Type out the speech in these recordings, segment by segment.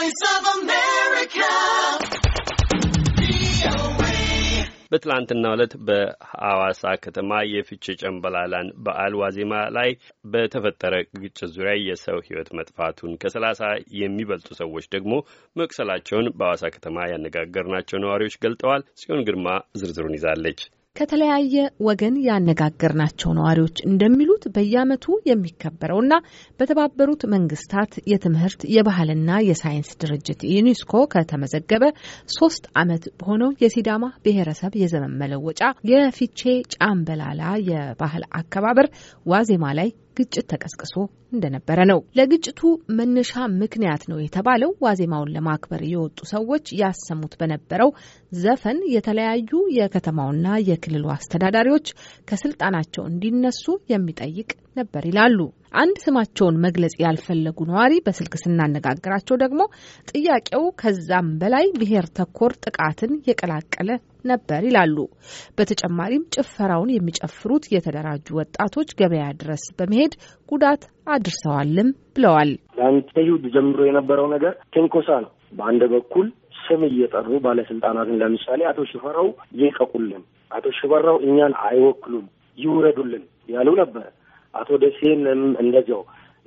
Voice of America. በትላንትና ዕለት በሐዋሳ ከተማ የፍቼ ጨንበላላን በዓል ዋዜማ ላይ በተፈጠረ ግጭት ዙሪያ የሰው ሕይወት መጥፋቱን ከሰላሳ የሚበልጡ ሰዎች ደግሞ መቁሰላቸውን በሐዋሳ ከተማ ያነጋገርናቸው ነዋሪዎች ገልጠዋል። ጽዮን ግርማ ዝርዝሩን ይዛለች። ከተለያየ ወገን ያነጋገርናቸው ነዋሪዎች እንደሚሉት በየዓመቱ የሚከበረውና በተባበሩት መንግስታት የትምህርት የባህልና የሳይንስ ድርጅት ዩኒስኮ ከተመዘገበ ሶስት ዓመት በሆነው የሲዳማ ብሔረሰብ የዘመን መለወጫ የፊቼ ጫምበላላ የባህል አከባበር ዋዜማ ላይ ግጭት ተቀስቅሶ እንደነበረ ነው። ለግጭቱ መነሻ ምክንያት ነው የተባለው ዋዜማውን ለማክበር የወጡ ሰዎች ያሰሙት በነበረው ዘፈን የተለያዩ የከተማውና የክልሉ አስተዳዳሪዎች ከስልጣናቸው እንዲነሱ የሚጠይቅ ነበር ይላሉ። አንድ ስማቸውን መግለጽ ያልፈለጉ ነዋሪ በስልክ ስናነጋግራቸው ደግሞ ጥያቄው ከዛም በላይ ብሔር ተኮር ጥቃትን የቀላቀለ ነበር ይላሉ። በተጨማሪም ጭፈራውን የሚጨፍሩት የተደራጁ ወጣቶች ገበያ ድረስ በመሄድ ጉዳት አድርሰዋልም ብለዋል። ከአንተዩ ጀምሮ የነበረው ነገር ትንኮሳ ነው። በአንድ በኩል ስም እየጠሩ ባለስልጣናትን ለምሳሌ አቶ ሽፈራው ይልቀቁልን፣ አቶ ሽፈራው እኛን አይወክሉም፣ ይውረዱልን ያሉ ነበር። አቶ ደሴንም እንደዚያው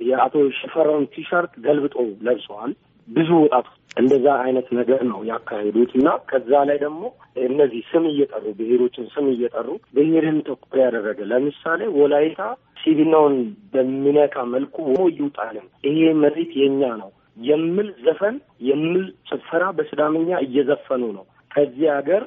የአቶ ሽፈራውን ቲሸርት ገልብጦ ለብሰዋል። ብዙ ወጣቶች እንደዛ አይነት ነገር ነው ያካሄዱት እና ከዛ ላይ ደግሞ እነዚህ ስም እየጠሩ ብሔሮችን ስም እየጠሩ ብሔርን ተኮር ያደረገ ለምሳሌ ወላይታ ሲቪናውን በሚነካ መልኩ ይውጣልን፣ ይሄ መሬት የኛ ነው የሚል ዘፈን የሚል ጭፈራ በስዳምኛ እየዘፈኑ ነው ከዚህ ሀገር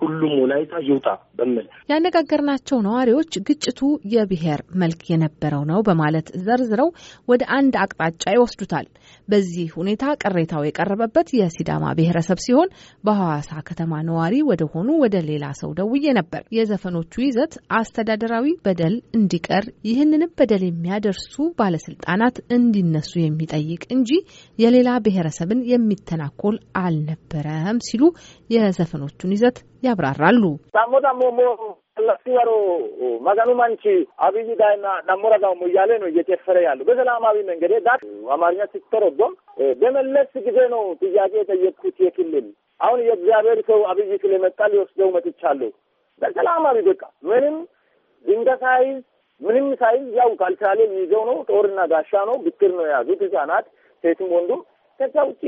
ሁሉም ወላይታ ይውጣ በሚል ያነጋገርናቸው ነዋሪዎች ግጭቱ የብሔር መልክ የነበረው ነው በማለት ዘርዝረው ወደ አንድ አቅጣጫ ይወስዱታል። በዚህ ሁኔታ ቅሬታው የቀረበበት የሲዳማ ብሔረሰብ ሲሆን በሐዋሳ ከተማ ነዋሪ ወደ ሆኑ ወደ ሌላ ሰው ደውዬ ነበር። የዘፈኖቹ ይዘት አስተዳደራዊ በደል እንዲቀር ይህንንም በደል የሚያደርሱ ባለስልጣናት እንዲነሱ የሚጠይቅ እንጂ የሌላ ብሔረሰብን የሚተናኮል አልነበረም ሲሉ የዘፈኖቹን ያለውን ይዘት ያብራራሉ። ለሲወሩ መገኑ መንቺ አብይ ዳይና ዳሞረጋው ሙያሌ ነው እየጨፈረ ያሉ በሰላማዊ መንገድ ዳ አማርኛ ሲተረጎም በመለስ ጊዜ ነው ጥያቄ የጠየቅኩት የክልል አሁን የእግዚአብሔር ሰው አብይ ስለመጣ ሊወስደው መጥቻለሁ። በሰላማዊ በቃ ምንም ድንጋይ ሳይዝ ምንም ሳይዝ ያው ካልቻለ የሚይዘው ነው። ጦርና ጋሻ ነው፣ ብትር ነው የያዙት ህጻናት፣ ሴትም ወንዱም። ከዛ ውጪ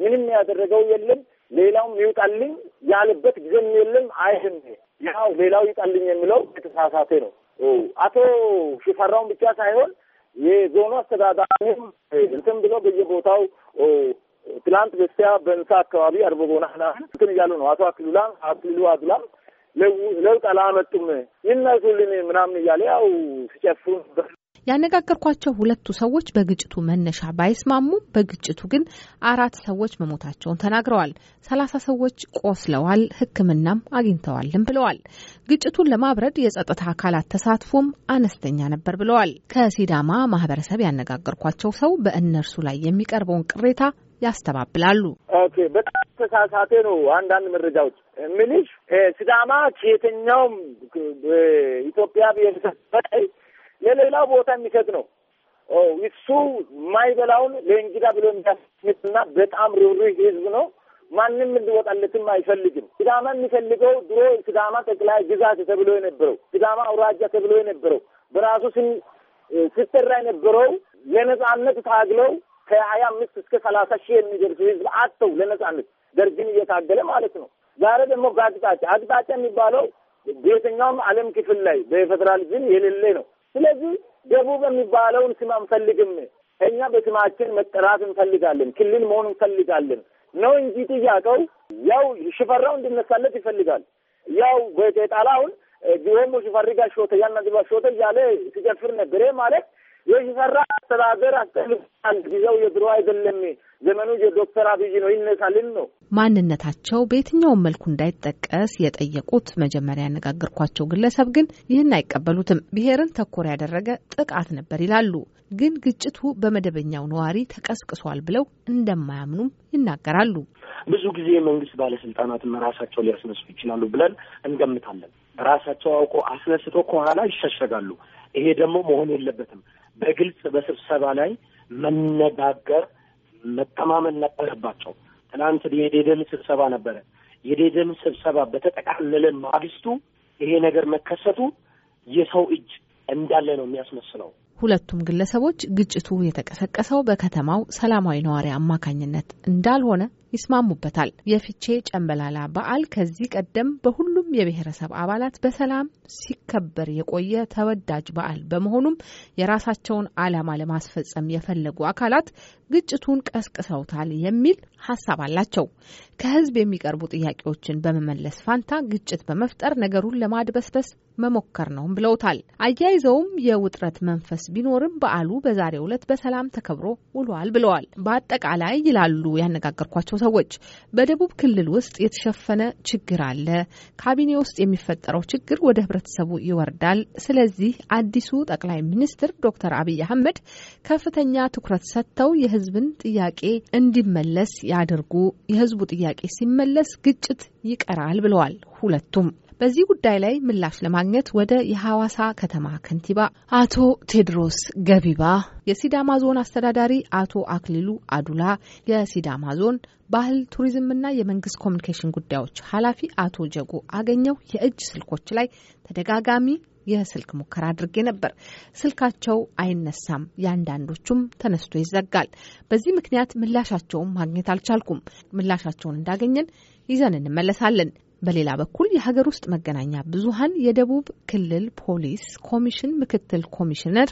ምንም ያደረገው የለም። ሌላውም ይውጣልኝ ያለበት ጊዜም የለም አይህም ያው ሌላው ይውጣልኝ የሚለው የተሳሳተ ነው። አቶ ሽፈራውን ብቻ ሳይሆን የዞኑ አስተዳዳሪም እንትን ብሎ በየቦታው ትላንት በስቲያ በእንሳ አካባቢ አርቦ ጎናና እንትን እያሉ ነው። አቶ አክሉላም አክልሉ አዱላም ለውጥ አላመጡም ይነሱልን ምናምን እያለ ያው ሲጨፉ ያነጋገርኳቸው ሁለቱ ሰዎች በግጭቱ መነሻ ባይስማሙም በግጭቱ ግን አራት ሰዎች መሞታቸውን ተናግረዋል። ሰላሳ ሰዎች ቆስለዋል፣ ሕክምናም አግኝተዋልም ብለዋል። ግጭቱን ለማብረድ የጸጥታ አካላት ተሳትፎም አነስተኛ ነበር ብለዋል። ከሲዳማ ማህበረሰብ ያነጋገርኳቸው ሰው በእነርሱ ላይ የሚቀርበውን ቅሬታ ያስተባብላሉ። ኦኬ፣ በጣም ተሳሳቴ ነው። አንዳንድ መረጃዎች ምልሽ ሲዳማ ከየትኛውም ኢትዮጵያ ብሄረሰብ ለሌላው ቦታ የሚሰጥ ነው። እሱ የማይበላውን ለእንግዳ ብሎ እንዳስትና በጣም ርኅሩህ ህዝብ ነው። ማንም እንዲወጣለትም አይፈልግም። ሲዳማ የሚፈልገው ድሮ ሲዳማ ጠቅላይ ግዛት ተብሎ የነበረው ሲዳማ አውራጃ ተብሎ የነበረው በራሱ ሲጠራ የነበረው ለነጻነት ታግለው ከሀያ አምስት እስከ ሰላሳ ሺህ የሚደርሱ ህዝብ አጥተው ለነጻነት ደርግን እየታገለ ማለት ነው። ዛሬ ደግሞ በአቅጣጫ አቅጣጫ የሚባለው በየትኛውም ዓለም ክፍል ላይ በፌደራሊዝም የሌለ ነው። ስለዚህ ደቡብ የሚባለውን ስም አንፈልግም። እኛ በስማችን መጠራት እንፈልጋለን፣ ክልል መሆን እንፈልጋለን ነው እንጂ ጥያቄው ያው ሽፈራው እንድነሳለት ይፈልጋል። ያው በጤጣላውን ዲሆሞ ሽፈሪጋ ሾተ ያና ዲባ ሾተ እያለ ሲጨፍር ነበረ ማለት የሰራ አስተዳደር አስቀምጣል። ጊዜው የድሮ አይደለም። ዘመኑ የዶክተር አብይ ነው ይነሳልን ነው። ማንነታቸው በየትኛውም መልኩ እንዳይጠቀስ የጠየቁት መጀመሪያ ያነጋገርኳቸው ግለሰብ ግን ይህን አይቀበሉትም። ብሔርን ተኮር ያደረገ ጥቃት ነበር ይላሉ። ግን ግጭቱ በመደበኛው ነዋሪ ተቀስቅሷል ብለው እንደማያምኑም ይናገራሉ። ብዙ ጊዜ የመንግስት ባለስልጣናትም ራሳቸው ሊያስነሱ ይችላሉ ብለን እንገምታለን። ራሳቸው አውቆ አስነስቶ ከኋላ ይሸሸጋሉ። ይሄ ደግሞ መሆን የለበትም። በግልጽ በስብሰባ ላይ መነጋገር መተማመን ነበረባቸው። ትናንት የዴደም ስብሰባ ነበረ። የዴደም ስብሰባ በተጠቃለለ ማግስቱ ይሄ ነገር መከሰቱ የሰው እጅ እንዳለ ነው የሚያስመስለው። ሁለቱም ግለሰቦች ግጭቱ የተቀሰቀሰው በከተማው ሰላማዊ ነዋሪ አማካኝነት እንዳልሆነ ይስማሙበታል። የፍቼ ጨንበላላ በዓል ከዚህ ቀደም በሁሉ ሁሉም የብሔረሰብ አባላት በሰላም ሲከበር የቆየ ተወዳጅ በዓል በመሆኑም የራሳቸውን ዓላማ ለማስፈጸም የፈለጉ አካላት ግጭቱን ቀስቅሰውታል የሚል ሀሳብ አላቸው። ከህዝብ የሚቀርቡ ጥያቄዎችን በመመለስ ፋንታ ግጭት በመፍጠር ነገሩን ለማድበስበስ መሞከር ነውም ብለውታል። አያይዘውም የውጥረት መንፈስ ቢኖርም በዓሉ በዛሬው ዕለት በሰላም ተከብሮ ውሏል ብለዋል። በአጠቃላይ ይላሉ ያነጋገርኳቸው ሰዎች በደቡብ ክልል ውስጥ የተሸፈነ ችግር አለ። ካቢኔ ውስጥ የሚፈጠረው ችግር ወደ ህብረተሰቡ ይወርዳል። ስለዚህ አዲሱ ጠቅላይ ሚኒስትር ዶክተር አብይ አህመድ ከፍተኛ ትኩረት ሰጥተው የህዝብን ጥያቄ እንዲመለስ ያደርጉ። የህዝቡ ጥያቄ ሲመለስ ግጭት ይቀራል ብለዋል። ሁለቱም። በዚህ ጉዳይ ላይ ምላሽ ለማግኘት ወደ የሐዋሳ ከተማ ከንቲባ አቶ ቴድሮስ ገቢባ፣ የሲዳማ ዞን አስተዳዳሪ አቶ አክሊሉ አዱላ፣ የሲዳማ ዞን ባህል ቱሪዝምና የመንግስት ኮሚኒኬሽን ጉዳዮች ኃላፊ አቶ ጀጎ አገኘው የእጅ ስልኮች ላይ ተደጋጋሚ የስልክ ሙከራ አድርጌ ነበር። ስልካቸው አይነሳም፣ የአንዳንዶቹም ተነስቶ ይዘጋል። በዚህ ምክንያት ምላሻቸውን ማግኘት አልቻልኩም። ምላሻቸውን እንዳገኘን ይዘን እንመለሳለን። በሌላ በኩል የሀገር ውስጥ መገናኛ ብዙኃን የደቡብ ክልል ፖሊስ ኮሚሽን ምክትል ኮሚሽነር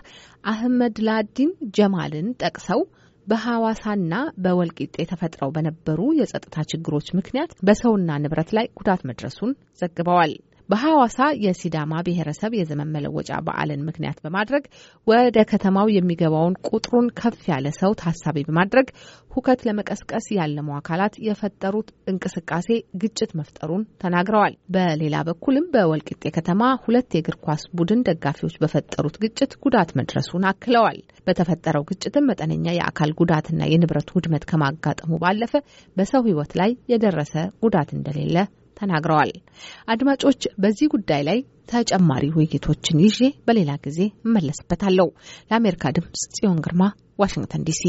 አህመድ ላዲን ጀማልን ጠቅሰው በሐዋሳና በወልቂጤ ተፈጥረው በነበሩ የጸጥታ ችግሮች ምክንያት በሰውና ንብረት ላይ ጉዳት መድረሱን ዘግበዋል። በሐዋሳ የሲዳማ ብሔረሰብ የዘመን መለወጫ በዓልን ምክንያት በማድረግ ወደ ከተማው የሚገባውን ቁጥሩን ከፍ ያለ ሰው ታሳቢ በማድረግ ሁከት ለመቀስቀስ ያለሙ አካላት የፈጠሩት እንቅስቃሴ ግጭት መፍጠሩን ተናግረዋል። በሌላ በኩልም በወልቂጤ ከተማ ሁለት የእግር ኳስ ቡድን ደጋፊዎች በፈጠሩት ግጭት ጉዳት መድረሱን አክለዋል። በተፈጠረው ግጭትም መጠነኛ የአካል ጉዳትና የንብረት ውድመት ከማጋጠሙ ባለፈ በሰው ሕይወት ላይ የደረሰ ጉዳት እንደሌለ ተናግረዋል። አድማጮች በዚህ ጉዳይ ላይ ተጨማሪ ውይይቶችን ይዤ በሌላ ጊዜ እመለስበታለሁ። ለአሜሪካ ድምፅ ጽዮን ግርማ ዋሽንግተን ዲሲ